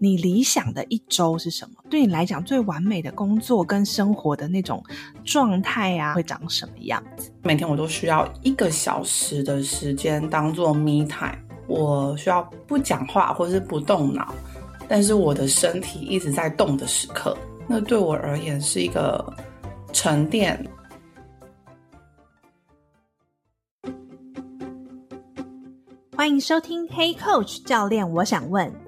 你理想的一週是什麼？對你來講最完美的工作跟生活的那種狀態啊，會長什麼樣子？每天我都需要一個小時的時間當做 me time，我需要不講話或是不動腦，但是我的身體一直在動的時刻，那對我而言是一個沉澱。歡迎收聽 Hey Coach 教練，我想問。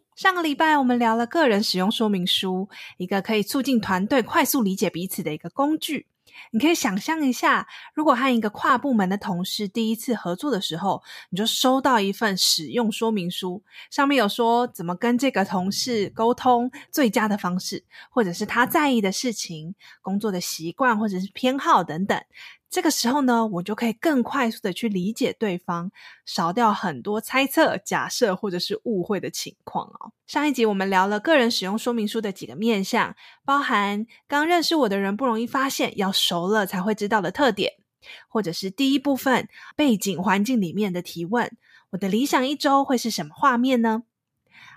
上個禮拜，我們聊了個人使用說明書，一個可以促進團隊快速理解彼此的一個工具。你可以想象一下，如果和一個跨部門的同事第一次合作的時候，你就收到一份使用說明書，上面有說怎麼跟這個同事溝通最佳的方式，或者是他在意的事情、工作的習慣，或者是偏好等等。這個時候呢，我就可以更快速的去理解對方，少掉很多猜測、假設或者是誤會的情況哦。上一集我們聊了個人使用說明書的幾個面向，包含剛認識我的人不容易發現，要熟了才會知道的特點，或者是第一部分背景環境裡面的提問，我的理想一周會是什麼畫面呢？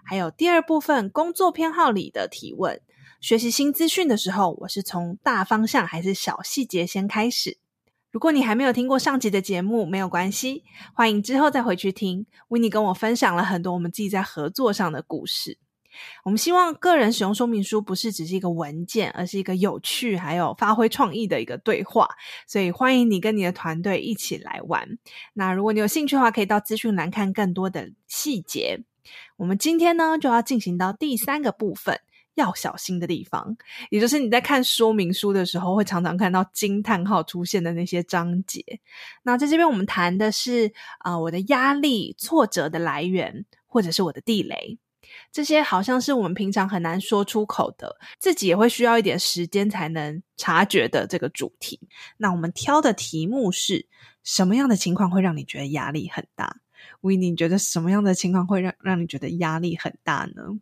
還有第二部分工作偏好裡的提問，學習新資訊的時候，我是從大方向還是小細節先開始？如果你還沒有聽過上集的節目，沒有關係，歡迎之後再回去聽。Winnie 跟我分享了很多我們自己在合作上的故事。我們希望個人使用說明書不是只是一個文件，而是一個有趣還有發揮創意的一個對話。所以歡迎你跟你的團隊一起來玩。那如果你有興趣的話，可以到資訊欄看更多的細節。我們今天呢就要進行到第三個部分。要小心的地方，也就是你在看說明書的時候，會常常看到驚嘆號出現的那些章節。那在這邊，我們談的是啊、呃，我的壓力、挫折的來源，或者是我的地雷，這些好像是我們平常很難說出口的，自己也會需要一點時間才能察覺的這個主題。那我們挑的題目是什麼樣的情況會讓你覺得壓力很大？Winnie，你覺得什麼樣的情況會讓讓你覺得壓力很大呢？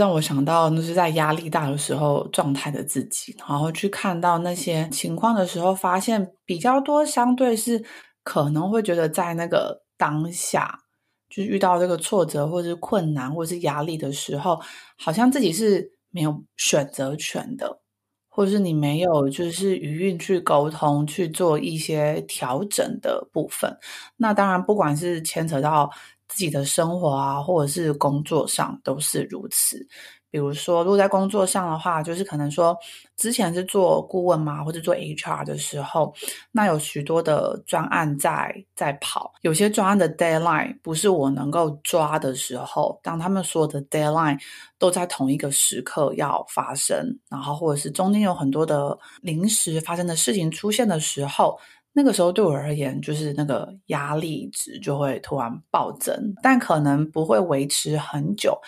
讓我想到，那是在壓力大的時候狀態的自己，然後去看到那些情況的時候，發現比較多，相對是可能會覺得在那個當下，就是遇到這個挫折或是困難或是壓力的時候，好像自己是沒有選擇權的，或是你沒有就是餘裕去溝通去做一些調整的部分。那當然，不管是牽扯到。自己的生活啊，或者是工作上都是如此。比如說，如果在工作上的話，就是可能說之前是做顧問嘛，或者做 HR 的時候，那有許多的專案在在跑，有些專案的 deadline 不是我能夠抓的時候，當他們說的 deadline 都在同一個時刻要發生，然後或者是中間有很多的臨時發生的事情出現的時候。那個時候對我而言，就是那個壓力值就會突然暴增，但可能不會維持很久。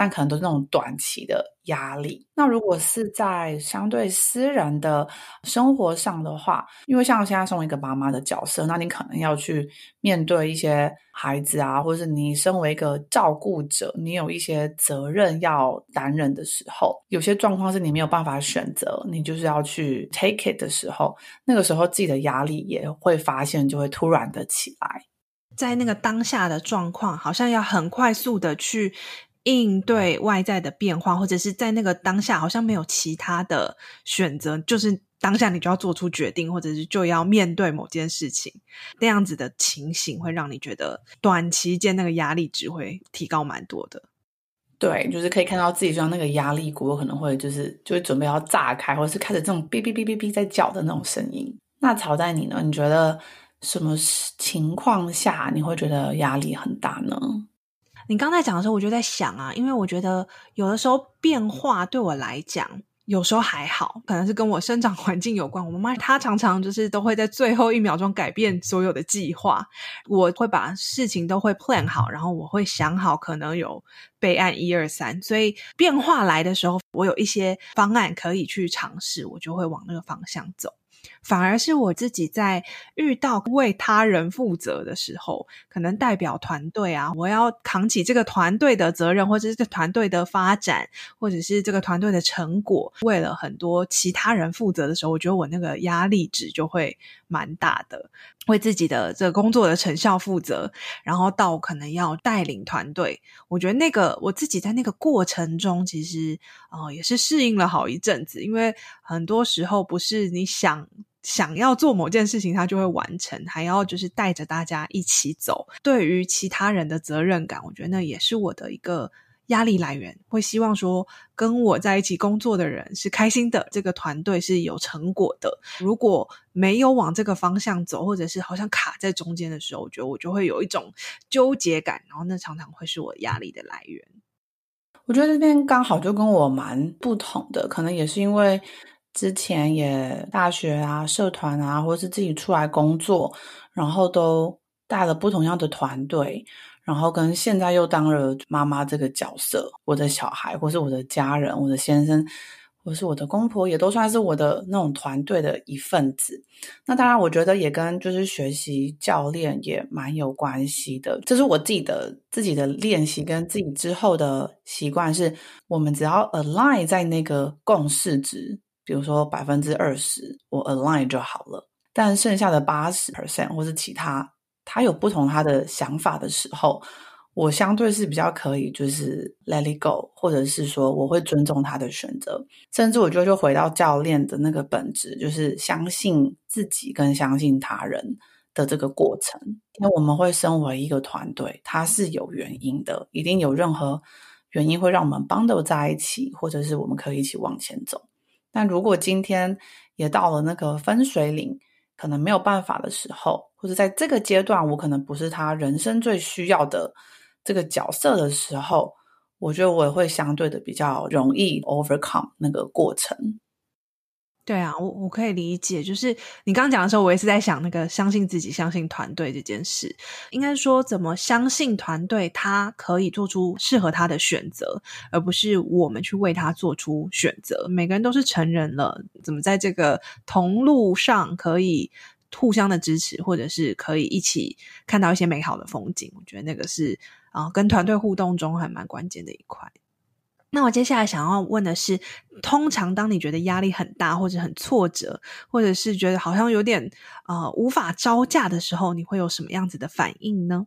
但可能都是那種短期的壓力。那如果是在相對私人的生活上的話，因為像現在身為一個媽媽的角色，那你可能要去面對一些孩子啊，或是你身為一個照顧者，你有一些責任要擔任的時候，有些狀況是你沒有辦法選擇，你就是要去 take it 的時候，那個時候自己的壓力也會發現就會突然的起來，在那個當下的狀況，好像要很快速的去。應對外在的變化，或者是在那個當下，好像沒有其他的選擇，就是當下你就要做出決定，或者是就要面對某件事情，那樣子的情形，會讓你覺得短期間那個壓力值會提高蠻多的。對，就是可以看到自己就像那個壓力鍋，有可能會就是就會準備要炸開，或者是開始這種嗶嗶嗶嗶嗶在叫的那種聲音。那曹代你呢？你覺得什麼情況下你會覺得壓力很大呢？你剛才講的時候，我就在想啊，因為我覺得有的時候變化對我來講，有時候還好，可能是跟我生長環境有關。我媽媽她常常就是都會在最後一秒鐘改變所有的計劃，我會把事情都會 plan 好，然後我會想好可能有。備案一二三，所以變化來的時候，我有一些方案可以去嘗試，我就會往那個方向走。反而是我自己在遇到為他人負責的時候，可能代表團隊啊，我要扛起這個團隊的責任，或者是這個團隊的發展，或者是這個團隊的成果，為了很多其他人負責的時候，我覺得我那個壓力值就會。蠻大的，為自己的這個、工作的成效負責，然後到可能要帶領團隊，我覺得那個我自己在那個過程中，其實哦、呃、也是適應了好一陣子，因為很多時候不是你想想要做某件事情，它就會完成，還要就是帶着大家一起走，對於其他人的責任感，我覺得那也是我的一個壓力來源會希望說，跟我在一起工作的人是開心的，這個團隊是有成果的。如果沒有往這個方向走，或者是好像卡在中間的時候，我覺得我就會有一種糾結感，然後那常常會是我壓力的來源。我覺得這邊剛好就跟我蠻不同的，可能也是因為之前也大學啊、社團啊，或是自己出來工作，然後都帶了不同樣的團隊。然後跟現在又當了媽媽這個角色，我的小孩，或是我的家人，我的先生，或是我的公婆，也都算是我的那種團隊的一份子。那當然，我覺得也跟就是學習教練也蠻有關係的。這是我自己的自己的練習跟自己之後的習慣是，是我們只要 align 在那個共識值，比如說百分之二十，我 align 就好了。但剩下的八十 percent 或是其他。他有不同他的想法的時候，我相對是比較可以，就是 let it go，或者是說我會尊重他的選擇。甚至我覺得，就回到教練的那個本質，就是相信自己跟相信他人的這個過程。因為我們會身為一個團隊，它是有原因的，一定有任何原因會讓我們 bond 在一起，或者是我們可以一起往前走。但如果今天也到了那個分水嶺。可能沒有辦法的時候，或者在這個階段，我可能不是他人生最需要的這個角色的時候，我覺得我也會相對的比較容易 overcome 那個過程。對啊，我我可以理解，就是你剛剛講的時候，我也是在想那個相信自己、相信團隊這件事。應該說，怎麼相信團隊，他可以做出適合他的選擇，而不是我們去為他做出選擇。每個人都是成人了，怎麼在這個同路上可以互相的支持，或者是可以一起看到一些美好的風景。我覺得那個是啊，跟團隊互動中還蠻關鍵的一塊。那我接下來想要問的是，通常當你覺得壓力很大，或者很挫折，或者是覺得好像有點啊、呃、無法招架的時候，你會有什麼樣子的反應呢？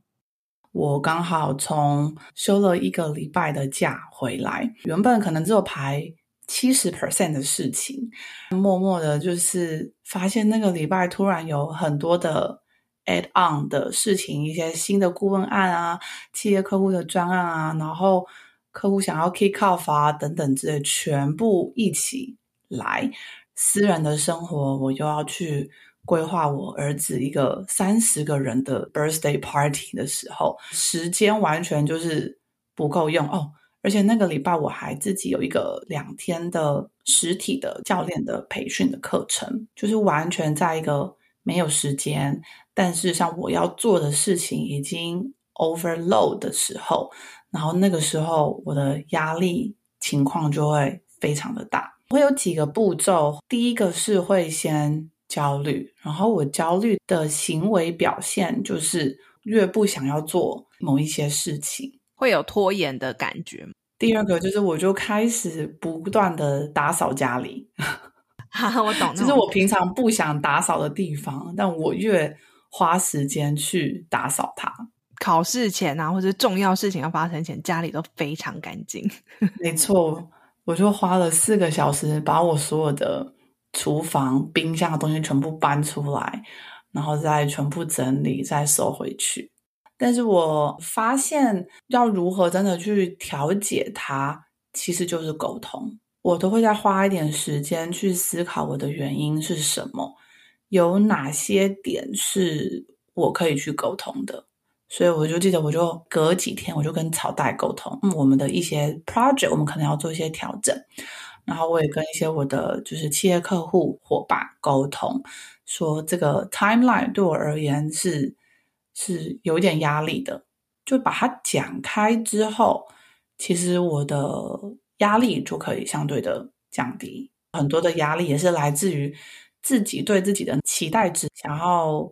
我剛好從休了一個禮拜的假回來，原本可能只有排七十 percent 的事情，默默的，就是發現那個禮拜突然有很多的 add on 的事情，一些新的顧問案啊，企業客戶的專案啊，然後。客戶想要 kick off 啊等等之類，全部一起來。私人的生活，我又要去規劃我兒子一個三十個人的 birthday party 的時候，時間完全就是不夠用哦。而且那個禮拜我還自己有一個兩天的實體的教練的培訓的課程，就是完全在一個沒有時間，但是像我要做的事情已經 overload 的時候。然後那個時候，我的壓力情況就會非常的大。我有幾個步驟，第一個是會先焦慮，然後我焦慮的行為表現就是越不想要做某一些事情，會有拖延的感覺嗎？第二個就是我就開始不斷的打掃家裡，哈哈，我懂。就是我平常不想打掃的地方，但我越花時間去打掃它。考試前啊，或者重要事情要發生前，家裡都非常乾淨。 沒錯，我就花了四個小時把我所有的廚房、冰箱的東西全部搬出來，然後再全部整理，再收回去。但是我發現，要如何真的去調解它，其實就是溝通。我都會再花一點時間去思考我的原因是什麼，有哪些點是我可以去溝通的。所以我就記得，我就隔幾天我就跟曹代溝通，嗯，我們的一些 project，我們可能要做一些調整。然後我也跟一些我的就是企業客戶夥伴溝通，說這個 timeline 對我而言是是有點壓力的。就把它講開之後，其實我的壓力就可以相對的降低。很多的壓力也是來自於自己對自己的期待值，想要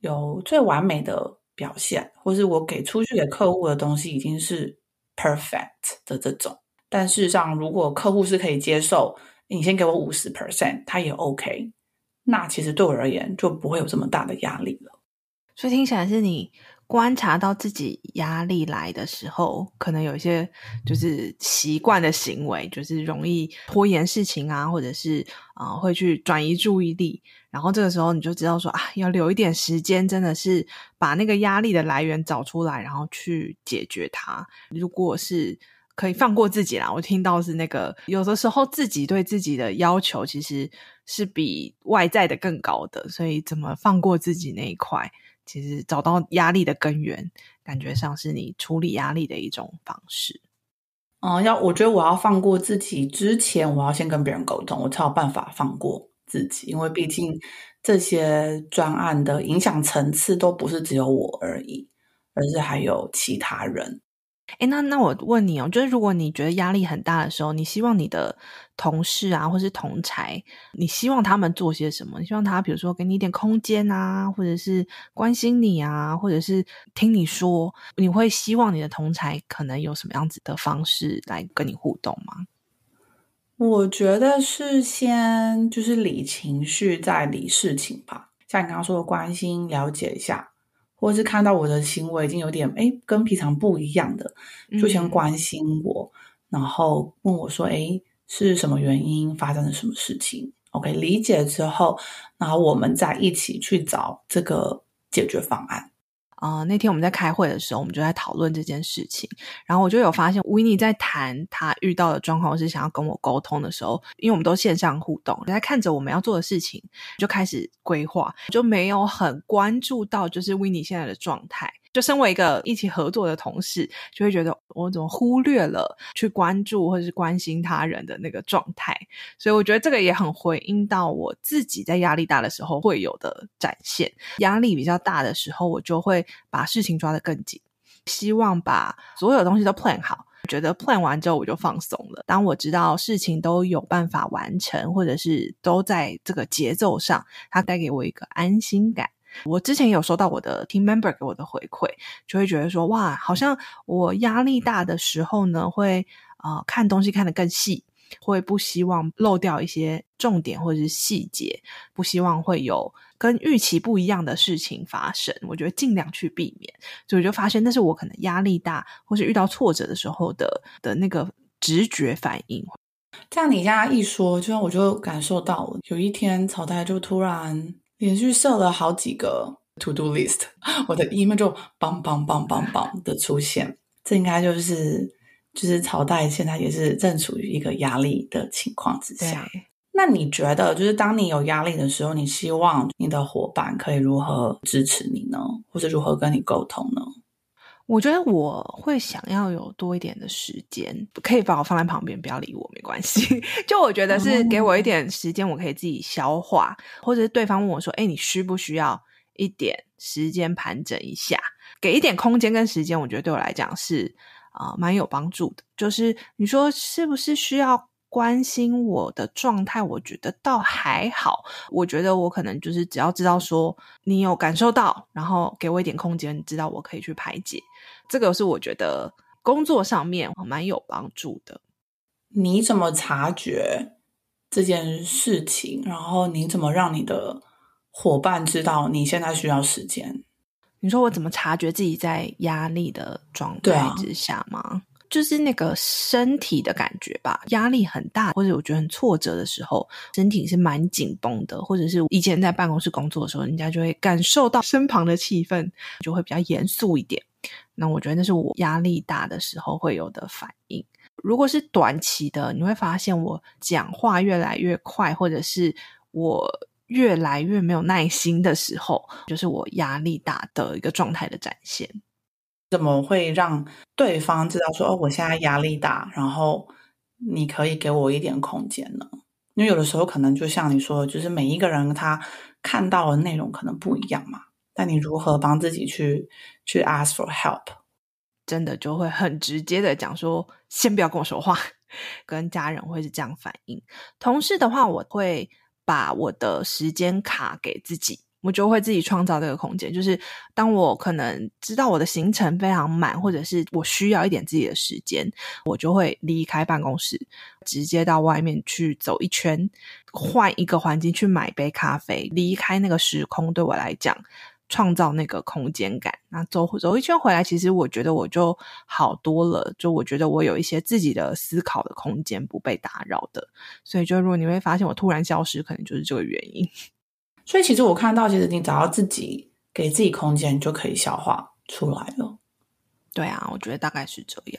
有最完美的。表現，或是我給出去給客戶的東西已經是 perfect 的這種，但事實上，如果客戶是可以接受，你先給我五十 percent，他也 OK，那其實對我而言就不會有這麼大的壓力了。所以聽起來是你，觀察到自己壓力來的時候，可能有一些就是習慣的行為，就是容易拖延事情啊，或者是啊、呃、會去轉移注意力。然後這個時候你就知道說啊，要留一點時間，真的是把那個壓力的來源找出來，然後去解決它。如果是可以放過自己啦，我聽到是那個有的時候自己對自己的要求其實是比外在的更高的，所以怎麼放過自己那一塊？其實找到壓力的根源，感覺上是你處理壓力的一種方式。哦、嗯，要我覺得我要放過自己，之前我要先跟別人溝通，我才有辦法放過自己。因為畢竟這些專案的影響層次都不是只有我而已，而是還有其他人。哎，那那我問你哦，就是如果你覺得壓力很大的時候，你希望你的同事啊，或是同儕，你希望他們做些什麼？你希望他，比如說給你一點空間啊，或者是關心你啊，或者是聽你說，你會希望你的同儕可能有什麼樣子的方式來跟你互動嗎？我覺得是先就是理情緒，再理事情吧。像你剛剛說的關心，了解一下，或者是看到我的行為已經有點誒、哎、跟平常不一樣的，就先關心我，嗯、然後問我說：“誒、哎……是什麼原因發生了什麼事情？OK，理解了之後，然後我們再一起去找這個解決方案。啊、呃，那天我們在開會的時候，我們就在討論這件事情。然後我就有發現，Winnie 在談他遇到的狀況，是想要跟我溝通的時候，因為我們都線上互動，你在看着我們要做的事情，就開始規劃，就沒有很關注到就是 Winnie 現在的狀態。就身為一個一起合作的同事，就會覺得我怎麼忽略了去關注或者是關心他人的那個狀態。所以我覺得這個也很回應到我自己在壓力大的時候會有的展現。壓力比較大的時候，我就會把事情抓得更緊，希望把所有的東西都 plan 好。我覺得 plan 完之後我就放鬆了。當我知道事情都有辦法完成，或者是都在這個節奏上，它帶給我一個安心感。我之前也有收到我的 team member 給我的回饋，就會覺得說，哇，好像我壓力大的時候呢，會啊、呃、看東西看得更細，會不希望漏掉一些重點或者是細節，不希望會有跟預期不一樣的事情發生。我覺得儘量去避免，所以我就發現，那是我可能壓力大或是遇到挫折的時候的的那個直覺反應。這樣，你這樣一說，就讓我就感受到，有一天曹代就突然。連續設了好幾個 to do list，我的 email 就 bang bang bang bang bang 的出現，這應該就是就是曹代現在也是正處於一個壓力的情況之下。對那你覺得，就是當你有壓力的時候，你希望你的夥伴可以如何支持你呢？或者如何跟你溝通呢？我覺得我會想要有多一點的時間，可以把我放在旁邊，不要理我，沒關係。 就我覺得是給我一點時間，我可以自己消化，或者是對方問我說：“欸，你需不需要一點時間盤整一下，給一點空間跟時間？”我覺得對我來講是啊，蠻有幫助的。就是你說是不是需要？關心我的狀態，我覺得倒還好。我覺得我可能就是只要知道說你有感受到，然後給我一點空間，你知道我可以去排解，這個是我覺得工作上面蠻有幫助的。你怎麼察覺這件事情？然後你怎麼讓你的伙伴知道你現在需要時間？你說我怎麼察覺自己在壓力的狀態之下嗎？就是那個身體的感覺吧，壓力很大，或者我覺得很挫折的時候，身體是蠻緊繃的。或者是以前在辦公室工作的時候，人家就會感受到身旁的氣氛，就會比較嚴肅一點。那我覺得那是我壓力大的時候會有的反應。如果是短期的，你會發現我講話越來越快，或者是我越來越沒有耐心的時候，就是我壓力大的一個狀態的展現。怎麼會讓對方知道說哦，我現在壓力大，然後你可以給我一點空間呢？因為有的時候可能就像你說的，就是每一個人他看到的內容可能不一樣嘛。但你如何幫自己去去 ask for help？真的就會很直接的講說，先不要跟我說話。跟家人會是這樣反應，同事的話，我會把我的時間卡給自己。我就會自己創造這個空間，就是當我可能知道我的行程非常滿，或者是我需要一點自己的時間，我就會離開辦公室，直接到外面去走一圈，換一個環境去買杯咖啡，離開那個時空，對我來講，創造那個空間感。那走走一圈回來，其實我覺得我就好多了，就我覺得我有一些自己的思考的空間，不被打擾的。所以，就如果你會發現我突然消失，可能就是這個原因。所以其實我看到，其實你只要自己，給自己空間，就可以消化出來了。對啊，我覺得大概是這樣。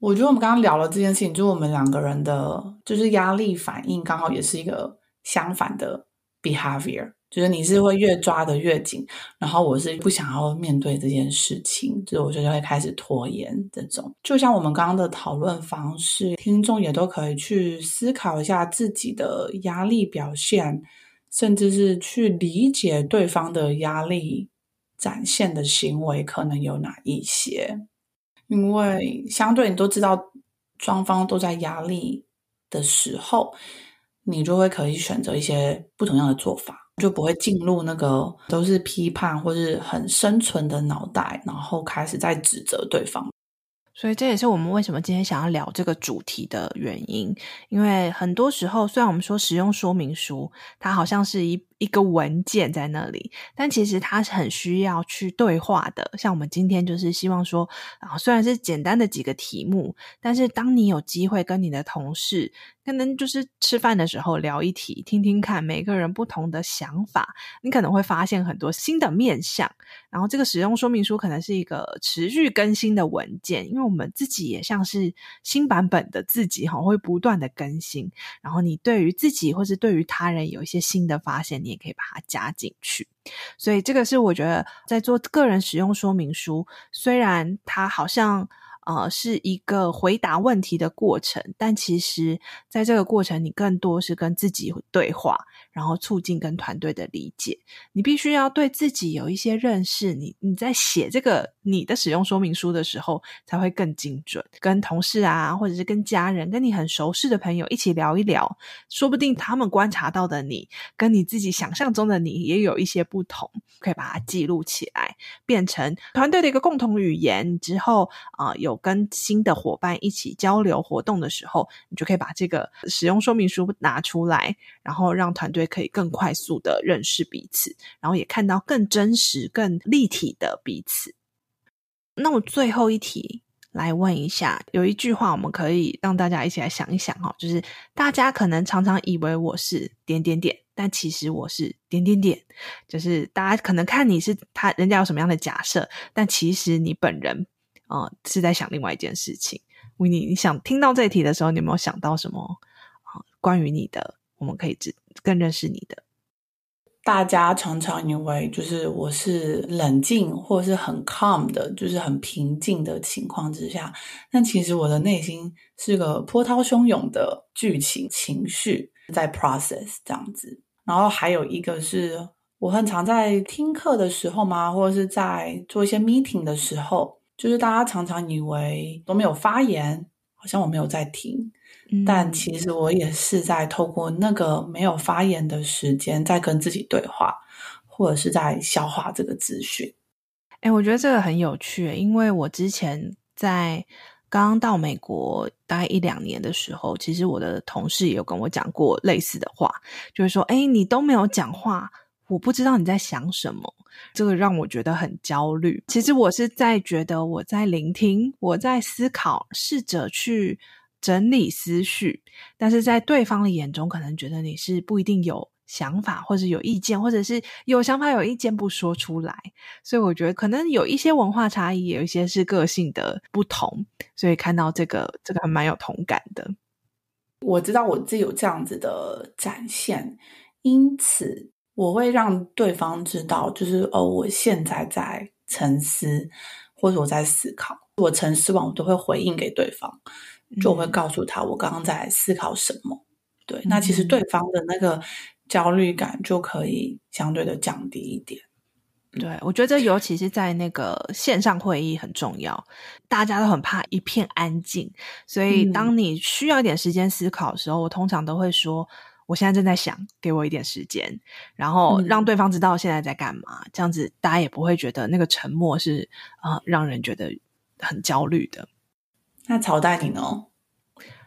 我覺得我們剛剛聊了這件事情，就是我們兩個人的，就是壓力反應剛好也是一個相反的 behavior，就是你是會越抓得越緊，然後我是不想要面對這件事情，所以我覺得就會開始拖延這種。就像我們剛剛的討論方式，聽眾也都可以去思考一下自己的壓力表現。甚至是去理解對方的壓力，展現的行為可能有哪一些，因為相對你都知道雙方都在壓力的時候，你就會可以選擇一些不同樣的做法，就不會進入那個都是批判或是很生存的腦袋，然後開始在指責對方。所以這也是我們為什麼今天想要聊這個主題的原因，因為很多時候，雖然我們說使用說明書，它好像是一一個文件在那裡，但其實它是很需要去對話的。像我們今天就是希望說，啊，雖然是簡單的幾個題目，但是當你有機會跟你的同事，可能就是吃飯的時候聊一題，聽聽看每個人不同的想法，你可能會發現很多新的面向。然後這個使用說明書可能是一個持續更新的文件，因為我們自己也像是新版本的自己，會不斷的更新。然後你對於自己或是對於他人有一些新的發現，你。你可以把它加進去，所以這個是我覺得在做個人使用說明書。雖然它好像呃是一個回答問題的過程，但其實在這個過程，你更多是跟自己對話。然後促進跟團隊的理解，你必須要對自己有一些認識，你你在寫這個你的使用說明書的時候才會更精準。跟同事啊，或者是跟家人、跟你很熟悉的朋友一起聊一聊，說不定他們觀察到的你，跟你自己想象中的你也有一些不同，可以把它記錄起來，變成團隊的一個共同語言。之後啊、呃，有跟新的夥伴一起交流活動的時候，你就可以把這個使用說明書拿出來，然後讓團隊。可以更快速的認識彼此，然後也看到更真實、更立體的彼此。那我最後一題來問一下，有一句話我們可以讓大家一起來想一想，就是大家可能常常以為我是點點點，但其實我是點點點。就是大家可能看你是他人家有什麼樣的假設，但其實你本人、呃、是在想另外一件事情。Winnie，你想聽到這題的時候，你有沒有想到什麼關於你的，我們可以知道，更認識你的。大家常常以為，就是我是冷靜，或是很 calm 的，就是很平靜的情況之下，但其實我的內心是個波濤洶湧的劇情情緒在 process 這樣子。然後還有一個是，我很常在聽課的時候嘛，或者是在做一些 meeting 的時候，就是大家常常以為都沒有發言，好像我沒有在聽。但其實我也是在透過那個沒有發言的時間，在跟自己對話，或者是在消化這個資訊。誒、欸、我覺得這個很有趣，因為我之前在剛剛到美國大概一兩年的時候，其實我的同事也有跟我講過類似的話，就是說：“誒、欸、你都沒有講話，我不知道你在想什麼。”這個讓我覺得很焦慮。其實我是在覺得我在聆聽，我在思考，試着去。整理思緒，但是在對方的眼中，可能覺得你是不一定有想法，或是有意見，或者是有想法有意見不說出來。所以我覺得可能有一些文化差異，有一些是個性的不同。所以看到這個，這個還蠻有同感的。我知道我自己有這樣子的展現，因此我會讓對方知道，就是哦、呃，我現在在沉思，或者我在思考。我沉思完，我都會回應給對方。就會告訴他，我剛剛在思考什麼，嗯、對，那其實對方的那個焦慮感就可以相對的降低一點。對，我覺得尤其是在那個線上會議很重要，大家都很怕一片安靜，所以當你需要一點時間思考的時候，嗯、我通常都會說，我現在正在想，給我一點時間，然後讓對方知道現在在幹嘛。嗯、這樣子大家也不會覺得那個沉默是啊、呃、讓人覺得很焦慮的。那曹代哦，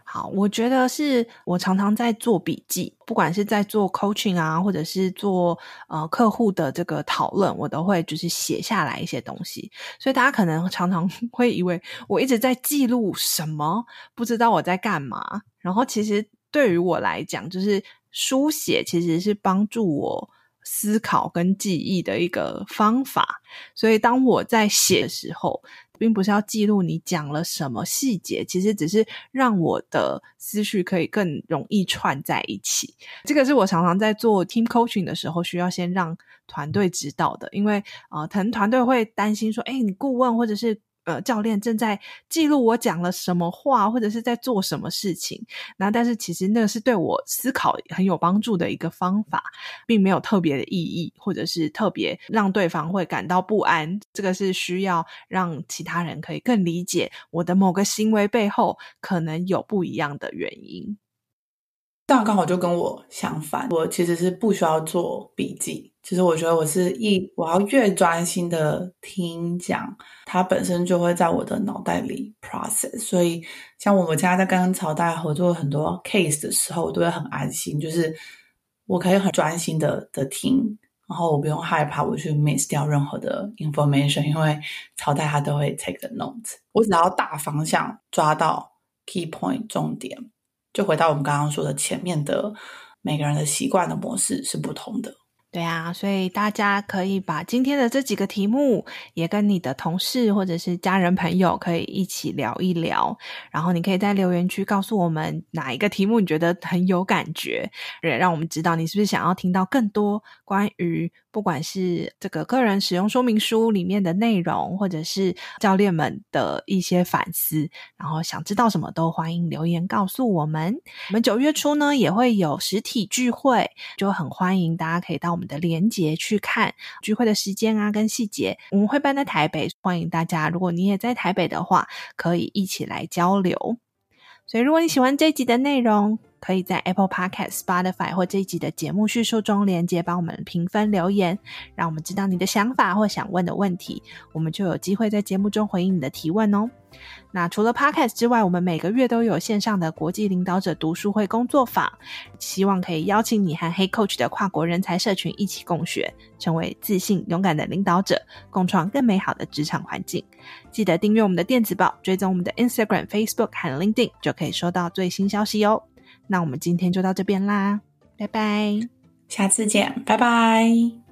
好，我覺得是我常常在做筆記，不管是在做 coaching 啊，或者是做呃客戶的這個討論，我都會就是寫下來一些東西。所以大家可能常常會以為我一直在記錄什麼，不知道我在幹嘛。然後其實對於我來講，就是書寫其實是幫助我思考跟記憶的一個方法。所以當我在寫的時候。並不是要記錄你講了什麼細節，其實只是讓我的思緒可以更容易串在一起。這個是我常常在做 team coaching 的時候需要先讓團隊知道的，因為啊、呃，可能團隊會擔心說，誒、欸，你顧問或者是。呃，教練正在記錄我講了什麼話，或者是在做什麼事情。那但是其實那個是對我思考很有幫助的一個方法，並沒有特別的意義，或者是特別讓對方會感到不安。這個是需要讓其他人可以更理解我的某個行為背後可能有不一樣的原因。這樣剛好就跟我相反。我其實是不需要做筆記。其實我覺得我是一，我要越專心的聽講，它本身就會在我的腦袋裡 process。所以像我們家在跟曹代合作很多 case 的時候，我都會很安心，就是我可以很專心的的聽，然後我不用害怕我去 miss 掉任何的 information，因為曹代他都會 take the notes。我只要大方向抓到 key point 重點。就回到我們剛剛說的前面的，每個人的習慣的模式是不同的。對啊，所以大家可以把今天的這幾個題目也跟你的同事或者是家人朋友可以一起聊一聊，然後你可以在留言區告訴我們哪一個題目你覺得很有感覺，也讓我們知道你是不是想要聽到更多關於不管是這個個人使用說明書裡面的內容，或者是教練們的一些反思，然後想知道什麼都歡迎留言告訴我們。我們九月初呢，也會有實體聚會，就很歡迎大家可以到。我們的連結去看聚會的時間啊，跟細節我們會辦在台北，歡迎大家。如果你也在台北的話，可以一起來交流。所以，如果你喜歡這一集的內容，可以在 Apple Podcast、Spotify 或這一集的節目敘述中連結，幫我們評分留言，讓我們知道你的想法或想問的問題，我們就有機會在節目中回應你的提問哦。那除了 Podcast 之外，我們每個月都有線上的國際領導者讀書會工作坊，希望可以邀請你和 Hey Coach 的跨國人才社群一起共學，成為自信勇敢的領導者，共創更美好的職場環境。記得訂閱我們的電子報，追蹤我們的 Instagram、Facebook 和 LinkedIn，就可以收到最新消息哦。那我們今天就到這邊啦，拜拜，下次見，拜拜。